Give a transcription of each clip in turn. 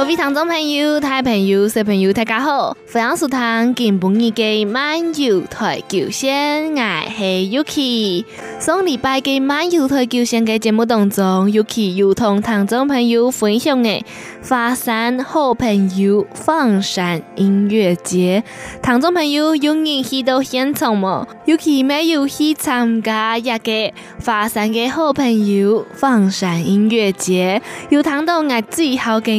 各位聽眾朋友，大朋友，小朋友，大家好！歡迎收聽今日嘅《漫遊台》九線，我係 Yuki，上禮拜嘅《漫遊台》九線嘅節目當中，Yuki 又同聽眾朋友分享嘅花山好朋友放山音樂節。聽眾朋友有冇去到現場麼？Yuki 沒有去參加一個花山嘅好朋友放山音樂節，有聽到我最好嘅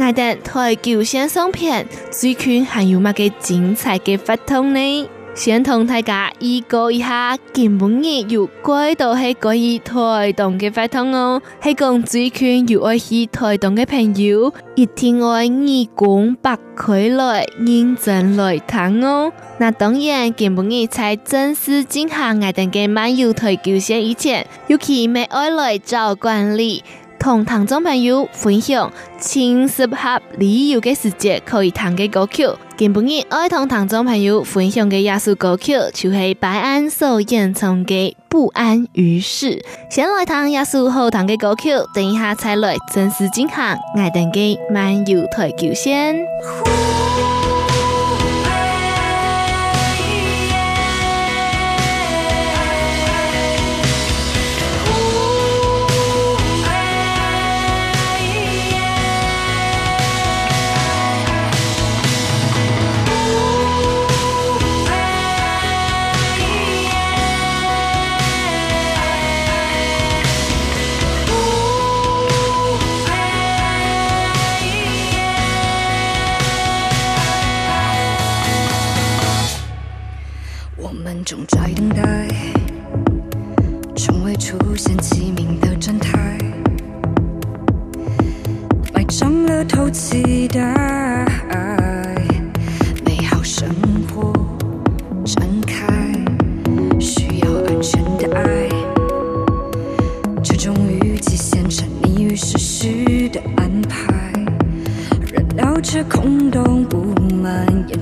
我哋台東縣宣傳片，最近還有麼個精彩嘅活動呢？想同大家預告一下，吉布尼又再度係關於台東嘅活動哦。希望最近又愛去台東嘅朋友，一定愛二講百開來認真來聽哦。那當然，吉布尼才正式進行我哋嘅漫遊台東縣以前，尤其咪愛來照慣例。同聽眾朋友分享最適合旅遊嘅時節可以彈嘅歌曲，更不厭愛同聽眾朋友分享嘅耶穌歌曲，就係白安受演唱嘅不安於世。先來彈耶穌後彈嘅歌曲，等一下才來正式進行愛彈嘅漫遊台球先。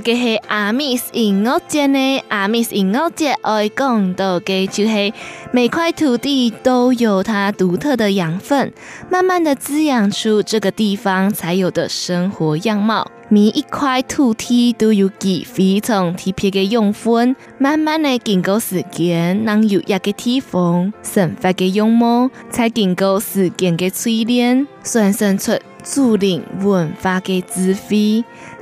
物阿米斯音樂節呢，阿米斯音樂節愛講到嘅就係每塊土地都有它獨特的養分，慢慢的滋養出這個地方才有的生活樣貌。每一塊土地都有幾份特別嘅養分，慢慢的經過時間，讓有一個地方神發嘅養分，才經過時間嘅錘煉，算算出注定文化嘅智慧。助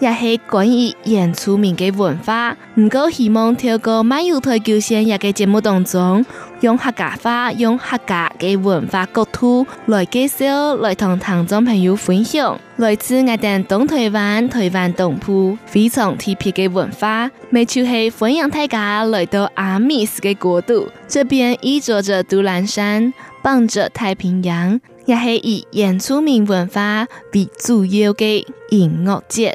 也係關於原住民嘅文化，唔過希望透過《漫遊台九線》一個節目當中，用客家話、用客家嘅文化角度來介紹，來同聽眾朋友分享。來自我哋東台灣、台灣東部非常特別嘅文化，咪就係歡迎大家來到阿米斯嘅國度，這邊依着着都蘭山，傍着太平洋，也係以原住民文化為主要嘅音樂節。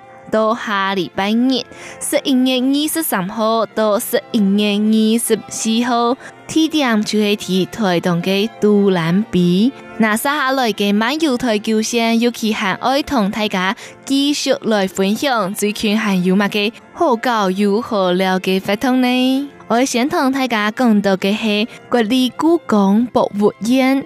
到下禮拜日，十一月二十三號到十一月二十四號，地點就係喺台東嘅都蘭比。那接下來嘅漫遊台教先尤其行愛同，大家繼續來分享最近行遊物嘅好搞又好料嘅活動呢。我想同大家講到嘅係國立故宮博物院。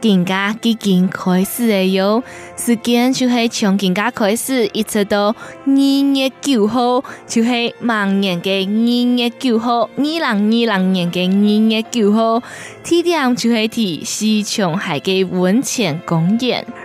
更加基金開始的喲，時間就是從更加開始，一直到二月九號，就是明年嘅二月九號，二零二零年嘅二月九號，地點就是喺市場海嘅溫泉公園。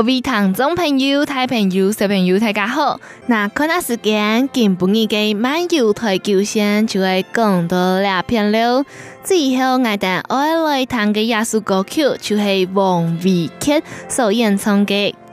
各位聽眾朋友，大朋友、小朋友大家好，那看下時間，緊，半日嘅漫遊台球線就會更多兩片了，最後我哋要來談的一首歌曲就是王維克所演唱嘅